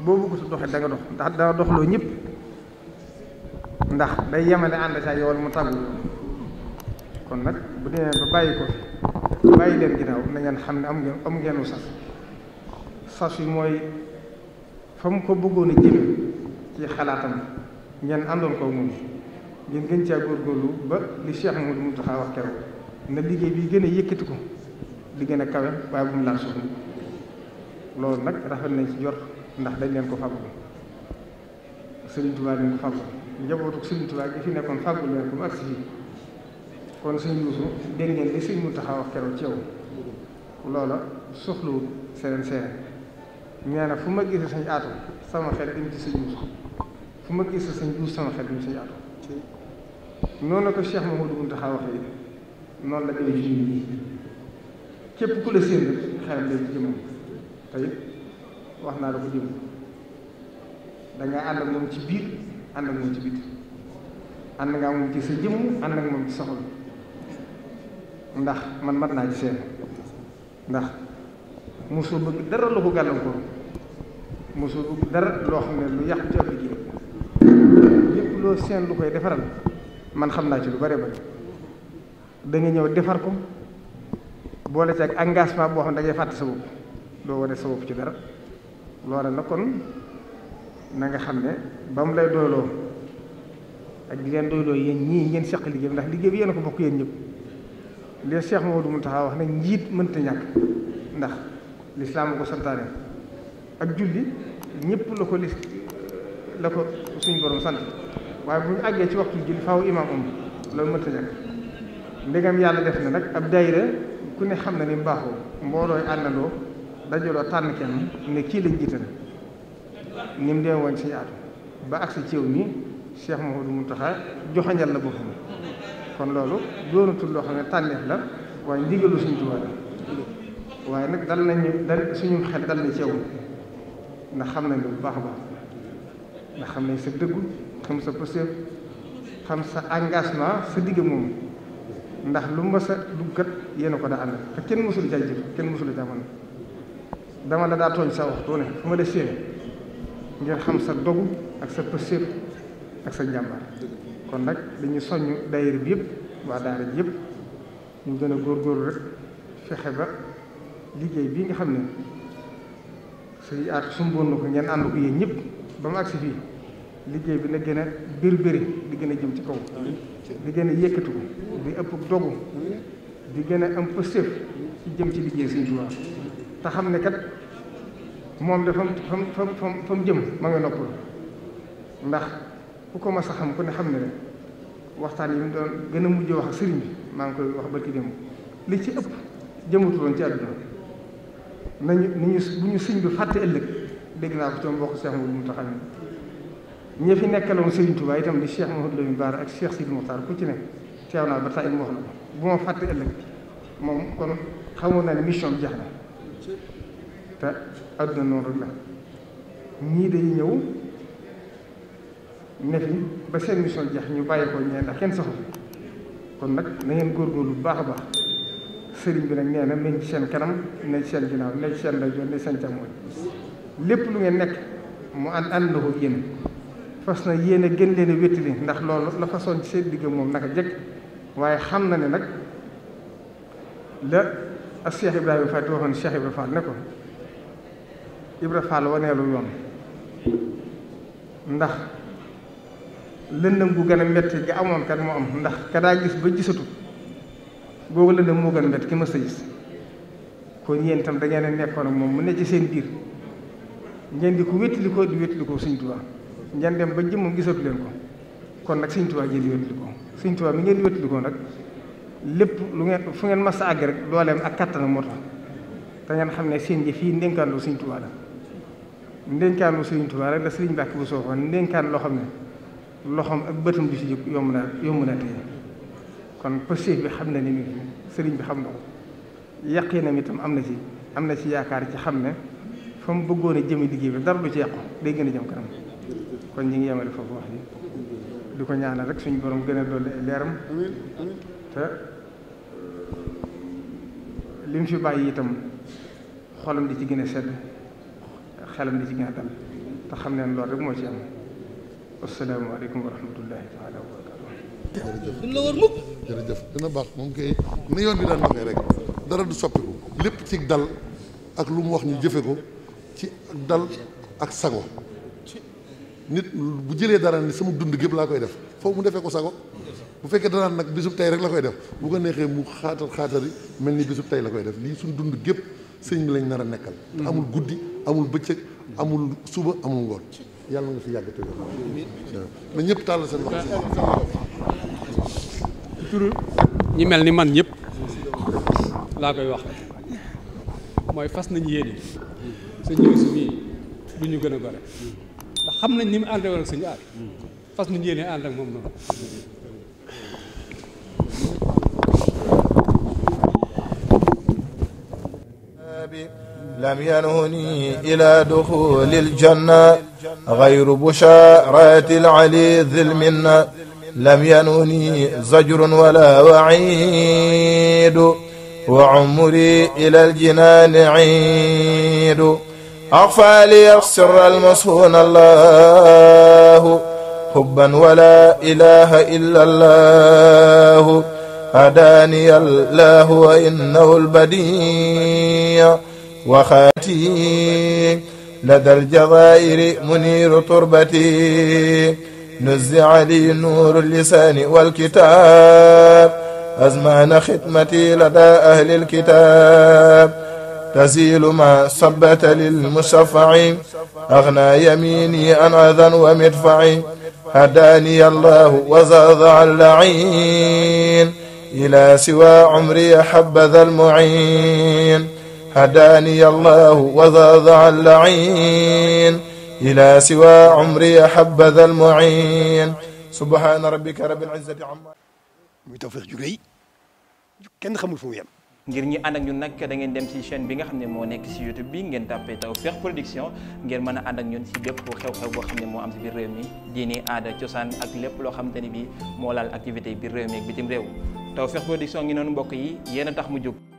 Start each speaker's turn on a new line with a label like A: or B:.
A: boo bëggut a doxee da nga dox ndax dana doxloo ñëpp ndax day yemale ànd saa yow mu tàggu kon nag bu demee ba bàyyi ko bàyyi leen ginnaaw na ngeen xam ne am ngeen am ngeenu sas sas yi mooy fa mu ko bëggoon a jëme ci xalaatam ngeen àndoon ko moom ngeen gën caa góorgóorlu ba li Cheikh Mouhamadou Mountakha wax keroog na liggéey bi gën a yëkkati ko di gën a kawe waaye loolu nag rafet nañ ci jot ndax dañ leen ko fàggul sëriñ Tuubaa leen ko fàggul njabootu sëriñ Tuubaa gi fi nekkoon fàggul leen ko mu agsi fii kon sëñ Yuusu dégg ngeen li sëñ Muntaxa wax keroog ci yow loola soxlawut seen seen nee na fu ma gisee sañ aatu sama xel dem ci sëñ Yuusu fu ma gisee sañ Yuusu sama xel dem ci sañ aatu noonu la ko Cheikh Mamadou Muntaxa waxee noonu la demee ci ñun ñii
B: képp ku la séen rek
A: xelam day jëmm te it wax naa la ko jëm dangay ànd moom ci biir ànd ak moom ci biti ànd ngaa moom ci sa jëmm ànd ak moom ci sa xol ndax man mat naa ci seen ndax mosoo bëgg dara lu ko gàllankoor mosoo bëgg dara loo xam ne lu yàqu ci ab liggéey loo seen lu koy defaral man xam naa ci lu bare bare da ñëw defar ko boole ci ak engagement boo xam ne dangay fàtt sa bopp doo wane sa bopp ci dara loola la kon na nga xam ne ba mu lay doyloo ak di leen doyloo yéen ñii ngeen seq liggéey bi ndax liggéey bi yéen ko bokk yéen ñëpp li Cheikh Maodo Mountakha wax ne njiit mënta ñàkk ndax lislaam ko ak julli ñëpp la ko lis la ko suñu waaye bu ñu àggee ci waxtu julli faaw imaam am loolu mënta ñàkk ndegam yàlla def na nag ab daayira ku ne xam na ni mbaaxoo mboolooy àndandoo dajaloo tànn kenn ne kii lañ jiital ni mu dee woon si yaatu ba agsi ci yow nii Cheikh Mouhamadou Mountakha joxañal la boppam kon loolu doonatul loo xam ne tànneef la waaye ndigalu suñu Tuubaa waaye nag dal nañu dal suñu xel dal na ci yow ndax xam nañ bu baax a ndax xam nañ sa dëggu xam sa posture xam sa engagement sa digg moom ndax lu mës a dugg kat yéen ko daa ànd te kenn mësul jaajëf kenn mësul jàmmoon. dama la daa tooñ sa waxtu ne fu ma la séenee ngir xam sa dogu ak sa pësir ak sa njàmbaar kon nag dañuy soññ daayira bi yëpp waa daara ji yëpp ñu gën a góor rek fexe ba liggéey bii nga xam ne suy aat sumboon na ko ngeen ànd ko yéen ñëpp ba mu agsi fii liggéey bi na gën a bir biri di gën a jëm ci kaw di gën a yëkkatiku di ëpp dogu di gën a am pësir ci jëm ci liggéey Sëñ Tuubaa te xam ne kat moom de fa mu fa mu fa mu jëm ma nga noppal ndax ku ko ma a xam ku ne xam ne rek waxtaan yi mu doon gën a mujj wax ak sëriñ bi maa ngi koy wax barki démb li ci ëpp jëmatuloon ci àdduna nañu ni ñu bu ñu fàtte ëllëg dégg naa ko ci mbokk Cheikh Mouhamadou Mountakha ñi fi nekkaloon Serigne di Cheikh Mouhamadou Lamine Bara ak Cheikh Sidi Mokhtar ci ne teew naa ba tey mu wax la bu ma fàtte ëllëg moom kon xamoon naa ne mission bi jeex na. te àdduna noonu rek la ñii dañu ñëw ne ba seen mission jeex ñu bàyyi ko ñee ndax kenn saxu kon nag na ngeen góorgóorlu bu baax a baax sëriñ bi nag nee na nañ seen kanam ne ci seen ginnaaw ne seen rajo ne ci seen càmmooñ lépp lu ngeen nekk mu ànd ànd na ko yéen fas na yéen a gën leen a wéttali ndax loolu la façon ci seen digg moom naka jëkk waaye xam na ne nag la ak Cheikh Ibrahima Fall waxoon Cheikh Ibrahima Fall ne Ibra Fall waneelu yoon ndax lëndëm bu gën a metti ga amoon kat moo am ndax ka daa gis ba gisatu boobu lëndëm moo gën a metti ki ma sa kon yéen itam da ngeen nekkoon ak moom mu ne ci seen biir ngeen di ko wéttilikoo di wéttilikoo Sëñ Tuubaa ngeen ba jëmmam gisatu leen ko kon nag Sëñ Tuubaa ngeen di wéttilikoo Sëñ Tuubaa mi ngeen di wéttilikoo nag lépp lu ngeen fu ngeen mas a àgg rek dooleem ak kattanam moo tax te xam ne seen jëf yi ndénkaan lu Sëñ ndénkaanu Serigne Touba rek la Serigne Mbacke bu soo xoon ndénkaan loo xam ne loxoom ak bëtam du si jóg yomb naa yomb naa tey kon pëstéef bi xam na ni mi sëriñ bi xam na ko yaqinam itam am na ci am na ci yaakaar ci xam ne fa mu bëggoon a liggéey bi dara du ci yàqu day gën a jëm kanam kon ñu ngi yemale foofu wax yi di ko ñaanal rek suñu borom gën a dolli leeram te li mu fi bàyyi itam xolam di ci gën a sedd xelam di ci gën a dal te xam ne loolu rek moo ci am
B: asalaamaaleykum wa rahmatullahi taala wa la war mukk. jërëjëf dina baax moom kay na rek dara du soppiku lépp ci dal lu mu wax ñu jëfe ko ci sago nit bu jëlee dara ni sama dund gépp laa koy def foofu mu defee ko sago bu fekkee danaan nag bisub tey rek la koy def bu ko neexee mu xaatar xaatar yi mel ni bisub tey la koy def lii suñ dund gépp sëñ bi lañ nar a nekkal. amul guddi amul bëccëg amul suba amul ngoon yàlla nga fi yàgg te na ñëpp tàll seen wax.
A: turu ñi mel ni man ñëpp
B: koy wax fas
A: nañ yéene gën a xam nañ ni mu ànd ak sëñ aar moom
B: لم ينهني إلى دخول الجنة غير بشارات العلي ذي المنة لم ينهني زجر ولا وعيد وعمري إلى الجنان عيد أخفى لي السر المسهون الله حبا ولا إله إلا الله هداني الله وإنه البديع منيع وخاتي لدى الجزائر منير تربتي نزع لي نور اللسان والكتاب أزمان ختمتي لدى أهل الكتاب تزيل ما صبت للمشفع أغنى يميني عن أذى ومدفع هداني الله وزاد عن اللعين إلى سوى عمري حبذا المعين هداني الله وذا si إلى سوى عمري حبذا المعين سبحان ربك رب العزة عما
A: muy Tawfekh ju rëy kenn xamul fu mu yem ngir ñi ànd ak ñun nag da ngeen dem ci chaîne bi nga xam ne moo nekk ci YouTube bi ngeen tàppee Tawfekh Production ngeen mën a ànd ak ñun ci bépp xew-xew boo xam ne moo am ci biir réew mi diini aada cosaan ak lépp loo xamante ni bi moo laal activité biir réew mi ak bitim réew Tawfekh Production ngi noonu mbokk yi yéen a tax mu jóg